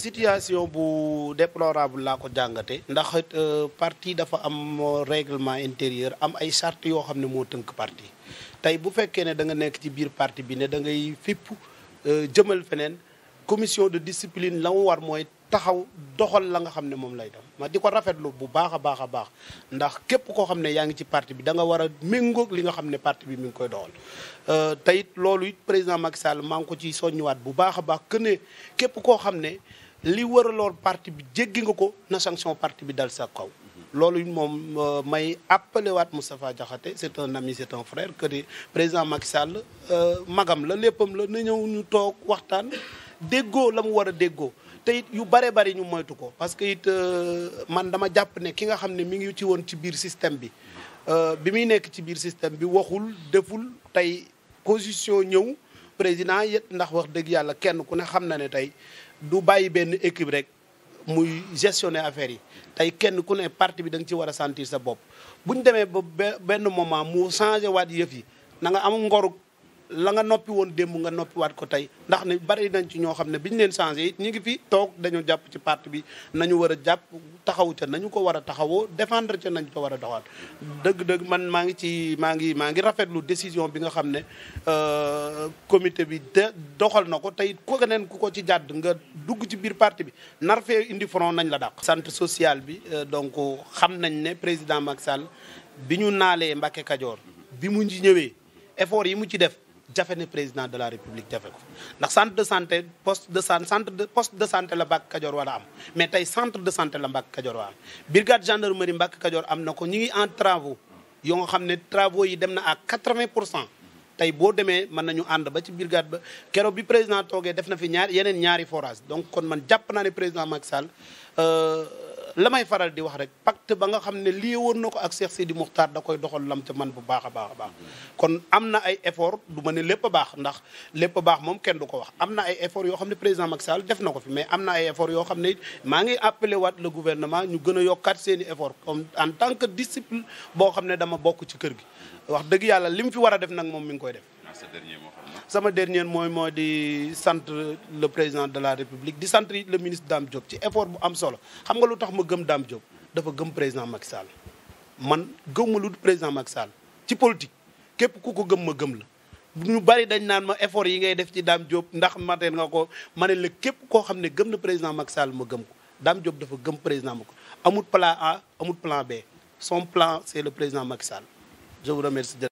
situation bu déplorable laa ko jàngate ndax euh, parti dafa am réglement intérieur am ay charte yoo xam ne moo tënk parti tey bu fekkee ne da nga nekk ci biir partie bi ne da ngay fipp euh, jëmal feneen commission de discipline la mu war mooy taxaw doxal la nga xam ne moom lay dem ma di ko rafetlu bu baax a baax a baax ndax képp koo xam ne yaa ngi ci partie bi danga nga war a méngoog li nga xam ne parti bi mu ngi koy doxal euh, te it loolu it président Macky Sall maa ngi ko ci soññiwaat bu baax a baax que képp koo xam ne li waraloon parti bi jéggi nga ko na sanction parti bi dal sa kaw. loolu moom euh, may appelé waat Moustapha Diakhaté c'est un ami c'est un frère que président Macky Sall euh, magam la léppam la na ñëw ñu toog waxtaan déggoo la mu war a déggoo te it yu bare bari ñu moytu ko parce que it euh, man dama jàpp ne ki nga xam ne mi ngi ci woon ci biir système bi bi muy nekk ci biir système bi waxul deful tey position ñëw président yét ndax wax dëgg yàlla kenn ku ne xam na ne tey du bàyyi benn équipe rek muy gestionner affaire yi tey kenn ku ne parti bi da ci war a sentir sa bopp bu ñu demee ba benn moment mu changé waat yëf yi na nga am ngoru la nga noppi woon démb nga noppiwaat ko tey ndax ne bari nañ ci ñoo xam ne bi ñu leen changé it ñu ngi fi toog dañu jàpp ci parti bi nañu war a jàpp taxaw ca nañu ko war a taxawoo défendre ca nañ ko war a doxaat dëgg man maa ngi ci maa ngi maa ngi rafetlu décision bi nga xam ne euh, comité bi de doxal na ko tey ko keneen ku ko ci jàdd nga dugg ci biir parti bi nar fee indi front nañ la dàq. centre social bi euh, donc xam nañ ne président Macky Sall bi ñu naalee Mbacké Kajoor bi mu ngi ñëwee effort yi mu ci def. jafe ne président de la république jafe ko ndax centre de santé poste de san centre de poste de santé la Mbàkke Kajoor war a am mais tey centre de santé la Mbàkke Kajoor war a am brigade gendarmerie Mbàkke Kajoor am na ko ñu ngi en travaux yoo nga xam ne travaux yi dem na à 80 pour cent tey boo demee mën nañu ànd ba ci brigade ba keroog bi président toogee def na fi ñaar yeneen ñaari forage donc kon man jàpp naa ne président Macky euh, la may faral di wax rek pacte ba nga xam ne lii woon na ko ak Cheikh Sidi Moukhtar da koy doxal lam te man bu baax a baax a baax kon am na ay effort du ma ne lépp a baax ndax lépp a baax moom kenn du ko wax am na ay effort yoo xam ne président Macky Sall def na ko fi mais am na ay effort yoo xam ne maa ngi appelé waat le gouvernement ñu gën a yokkaat seen i effort en tant que disciple boo xam ne dama bokk ci kër gi wax dëgg yàlla li mu fi war a def nag moom mi ngi koy def sama dernier mooy moo di centre le président de la république di sant le ministre Dame job ci effort bu am solo xam nga lu tax ma gëm Dame Diop dafa gëm président Macky Sall man gëm ma président Macky ci politique képp ku ko gëm ma gëm la ñu bari dañ naan ma effort yi ngay def ci Dame Diop ndax mateen nga ko ma ne képp koo xam ne gëm na président Macky Sall gëm ko Dame Diop dafa gëm président ma ko amul plan A amul plan B son plan c'est le président Macky